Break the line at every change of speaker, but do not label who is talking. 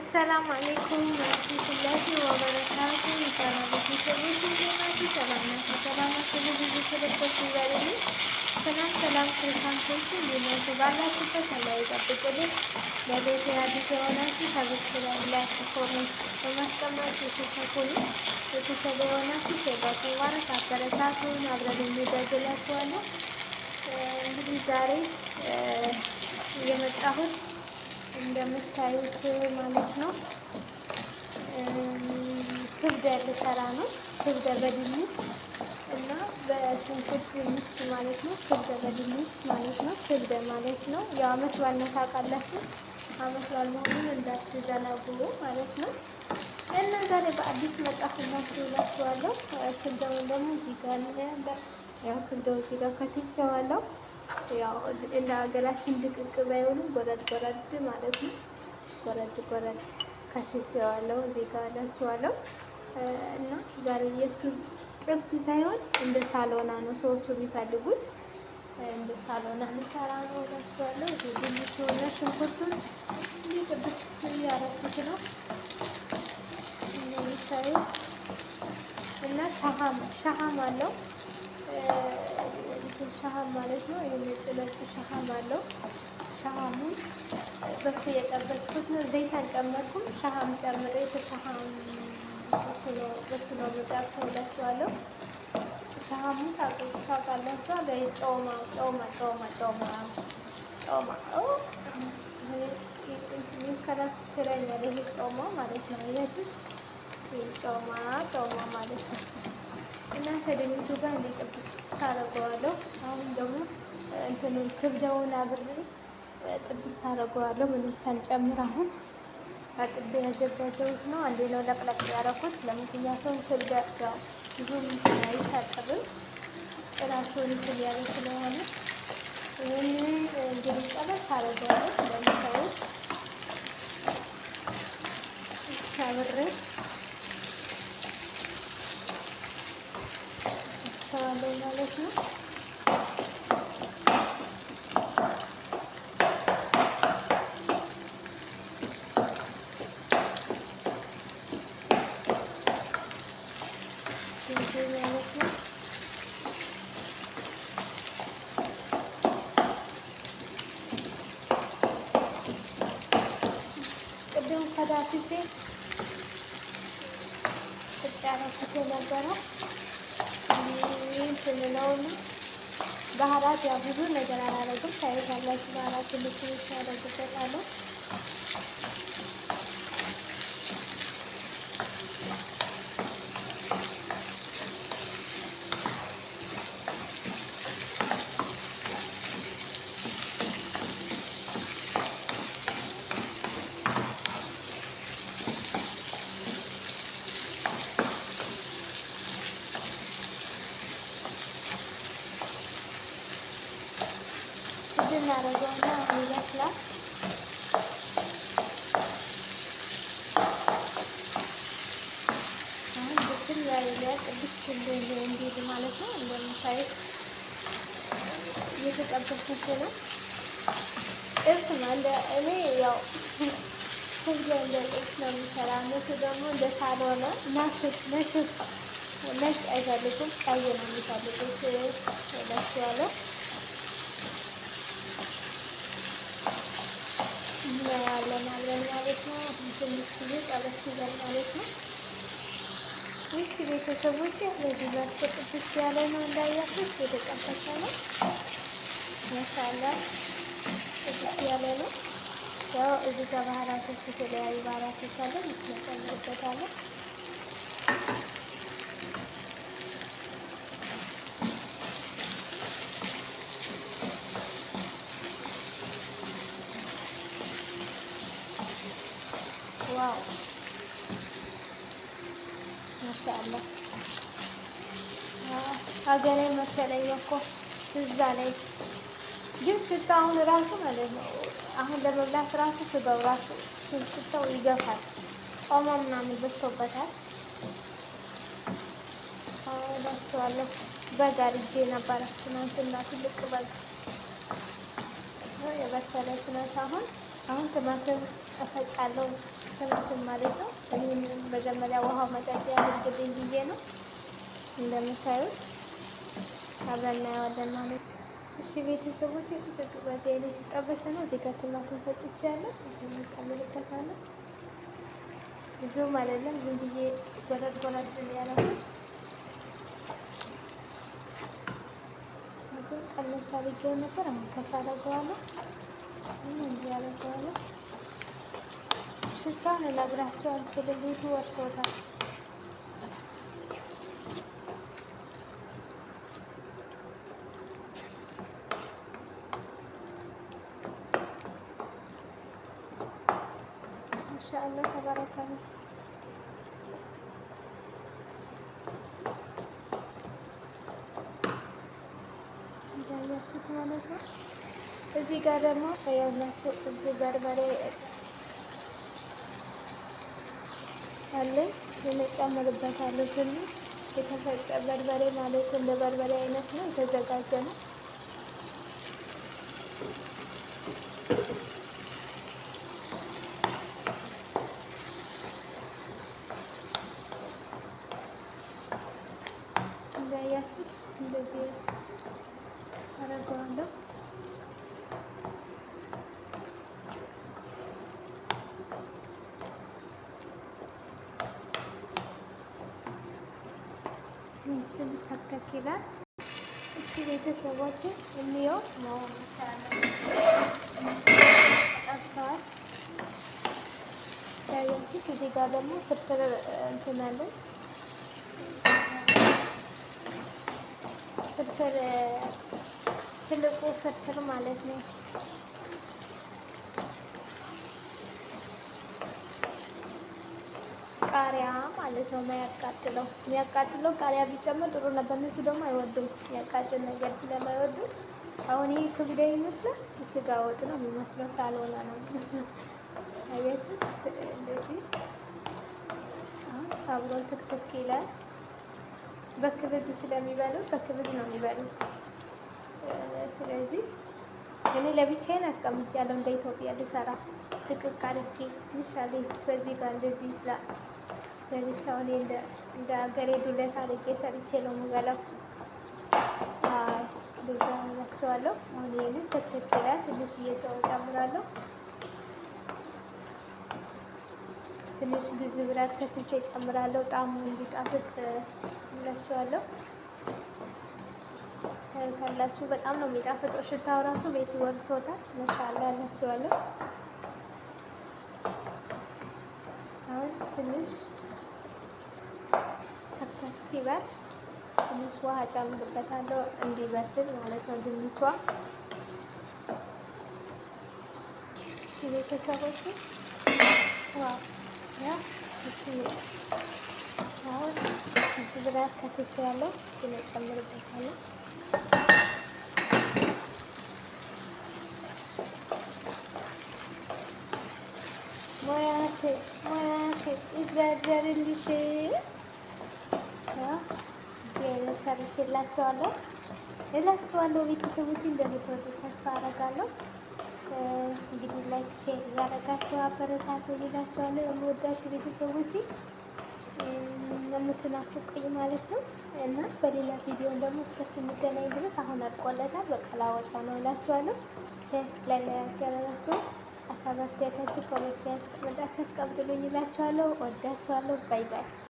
አሰላሙ አሌይኩም ወረህመቱላሂ ወበረካቱ። ሰላም ሰላም ክርስቲያኖች እንዲመቱ ባላችሁበት አላህ ይጠብቅልን። ለቤት አዲስ የሆናችሁ ሰብስክራይብ፣ ላይክ፣ ኮሜንት በማስቀመጥ የተሰኩሉ የተሰበ የሆናችሁ ሸጋት ማለት አበረታቱን። አብረን የሚደግላችኋለሁ። እንግዲህ ዛሬ የመጣሁት እንደምታዩት ማለት ነው። ክብደር ልሰራ ነው። ክብደር በድንች እና በሽንኩርት ሚክስ ማለት ነው። ክብደር በድንች ማለት ነው። ክብደር ማለት ነው። ያው አመት በዓል አመት በዓል መሆኑን እንዳትዘነጉ ማለት ነው። እና ዛሬ በአዲስ መጣሁላችሁ እላችኋለሁ። ክብደውን ደግሞ እዚህ ጋር ያው ክብደው እዚህ ጋር ከትቼዋለሁ። ያው እንደ ሀገራችን ድቅቅ ባይሆንም ጎረድ ጎረድ ማለት ነው። ጎረድ ጎረድ ከትቼዋለሁ እዚህ ጋር እና ዛሬ የእሱ ጥብስ ሳይሆን እንደ ሳሎና ነው ሰዎቹ የሚፈልጉት። እንደ ሳሎና እንሰራ ነው እላችኋለሁ። ድንች ሆነ ሽንኩርቱን እንዲህ ጥብስ እያረኩት ነው እንደሚታዩ እና ሻሃም ሻሃም አለው ነጭ ሻሃም ማለት ነው። ይህ ሻሃም አለው። ሻሃሙን በሱ እየጠበስኩት ነው። ዘይት አልጨመርኩም። ሻሃም ጨምሬ የተሻሃም በሱ ነው የምጠብሰው እላችኋለሁ። ሻሃሙን ታውቃላችሁ። ጮማ ጮማ ጮማ ጮማ ጮማ ይከራከረኛል። ይሄ ጮማ ማለት ነው። ይህ ጮማ ጮማ ማለት ነው እና ከድንቹ ጋር እንዲጠብስ አደርገዋለሁ። አሁን ደግሞ እንትኑን ክብደውን አብሬ ጥብስ አደርገዋለሁ ምንም ሳንጨምር አሁን አጥቤ ያዘጋጀሁት ነው። አንዴ ነው ለቅለቅ ያደረኩት። ለምክንያቱም ክብደት ያው ብዙም አይታጠብም እራሱን እንትን ያለ ስለሆነ ይህንን እንዲቀለስ አደርገዋለሁ ለምሰዎች አብሬ బెంగాలేసిన ከዛ ጊዜ ብቻ ነው ነበረው እንትን ነውና ባህራት ያው ብዙ ነገር አላረግም ታይታላችሁ። ባህራት ያደርግበታለሁ አድ እናደርገውና ይበስላል። አሁን ብስል ያለ ቅዱስ ስል እንዲል ማለት ነው። እንደምታዩት እየተጠበስኩት ነው። ጥብስ እንደ እኔ ያው ሁሉ እንደ ጥብስ ነው የሚሰራ። እነሱ ደግሞ እንደ ሳልሆነ ናሽት ነሽት ነጭ አይፈልጉም፣ ቀይ ነው የሚፈልጉት ነሱ ያለው እንበላለን አብረን ማለት ነው። ትንሽ ጊዜ ጠበስ ይበል ማለት ነው። እሺ ቤተሰቦች ለዚህ ላቸ ቅዱስ ያለ ነው እንዳያችሁት የተጠበሰ ነው። ማሻላ ቅዱስ ያለ ነው። ያው እዚህ ጋር ባህላቶች የተለያዩ ባህላቶች አለን። ይመጠኝበታለን ማሻአላ ሀገሬ መሰለኝ እኮ እዛ ላይ ግን አሁን ራሱ ማለት ነው። አሁን ለመብላት ራሱ ስበው ራሱ ሽታው ይገፋል። ኦሞ ምናምን በዝቶበታል። ዳቸዋለሁ በግ አድርጌ ነበረ ትናንትና ትልቅ በግ የበሰለች ናት። አሁን አሁን ትማትም እፈጫለሁ ትናንትን ማለት ነው ይህንን መጀመሪያ ውሃው መጠጥ ያለብኝ ጊዜ ነው። እንደምታዩት አብረን እናየዋለን ማለት ነው። እሺ ቤተሰቦች የተሰጡ በዚህ አይነት የተጠበሰ ነው። እዚህ ጋር ቲማቲም ፈጭቼ ያለው እጨምርበታለሁ። ብዙም አይደለም፣ ዝም ብዬ ጎረድ ጎረድ ያለው ቀነስ አድርጌው ነበር። አሁን ከፍ አደርገዋለሁ፣ እንዲህ አደርገዋለሁ ሽታ ልነግራችሁ አልችልም። ቤቱ ወርሶታል። ኢንሻአላህ ተባረካሉ። እያያችሁት ማለት ነው። እዚህ ጋር ደግሞ ያላቸው እዚህ በርበሬ አለኝ የመጨምርበታለሁ ትንሽ የተፈጨ በርበሬ ማለት እንደ በርበሬ አይነት ነው የተዘጋጀ ነው ትንሽ ተክተክ ይላል። እሺ ቤተሰቦች እንየው መሆን ይቻላል። ያየንቺ እዚህ ጋር ደግሞ ፍርፍር እንትናለን ፍርፍር ትልቁ ፍርፍር ማለት ነው። ቃሪያ ማለት ነው የሚያቃጥለው። የሚያቃጥለው ቃሪያ ቢጨመር ጥሩ ነበር። እነሱ ደግሞ አይወዱም የሚያቃጥል ነገር ስለማይወዱ አሁን ይሄ ክብደ ይመስላል ስጋ ወጥ ነው የሚመስለው። ሳልሆነ ነው የሚመስለው። አያችሁት? እንደዚህ አብሮን ትክትክ ይላል። በክብዝ ስለሚበሉት በክብዝ ነው የሚበሉት። ስለዚህ እኔ ለብቻዬን አስቀምጫለሁ እንደ ኢትዮጵያ ልሰራ ጥቅቅ አድርጌ ምሻሌ በዚህ ጋር እንደዚህ ይላል። ለብቻው እኔ እንደ ሀገሬ ዱለት አድርጌ ሰርቼ ነው የምበላው። ቤዛ እላቸዋለሁ። አሁን ይህንን ተትክላ ትንሽ እየጨው ጨምራለሁ። ትንሽ ግዝ ብራት ከትቼ ጨምራለሁ። ጣሙ እንዲጣፍጥ እላቸዋለሁ። ታዩታላችሁ። በጣም ነው የሚጣፍጠው። ሽታው ራሱ ቤት ይወርሶታል። መሻላ እላቸዋለሁ። አሁን ትንሽ ሲበር ትንሽ ውሃ ጨምርበታለሁ እንዲበስል ማለት ነው ድንቿ። እሺ ቤተሰቦች አሁን እዚህ ብላት ከትቼ ያለው ግን ጨምርበታለሁ ሞያሽ ሞያሽ ይዛዘርልሽ ነው ሰርች እላቸዋለሁ እላቸዋለሁ። ቤተሰቦች እንደሚወዱ ተስፋ አደርጋለሁ። እንግዲህ ላይክ ሼር እያደረጋችሁ አበረታቱ እላቸዋለሁ። የምወዳችሁ ቤተሰቦች የምትናፍቁኝ ማለት ነው እና በሌላ ቪዲዮ ደግሞ እስከ ስንገናኝ ድረስ አሁን አልቆለታል። በቃ ላወጣ ነው እላቸዋለሁ። ሼር ላይ ላይ ያደረጋችሁ አስተያየታችሁ ኮሜንት ላይ ያስቀምጣችሁ አስቀምጡልኝ እላቸዋለሁ። ወዳቸዋለሁ። ባይ ባይ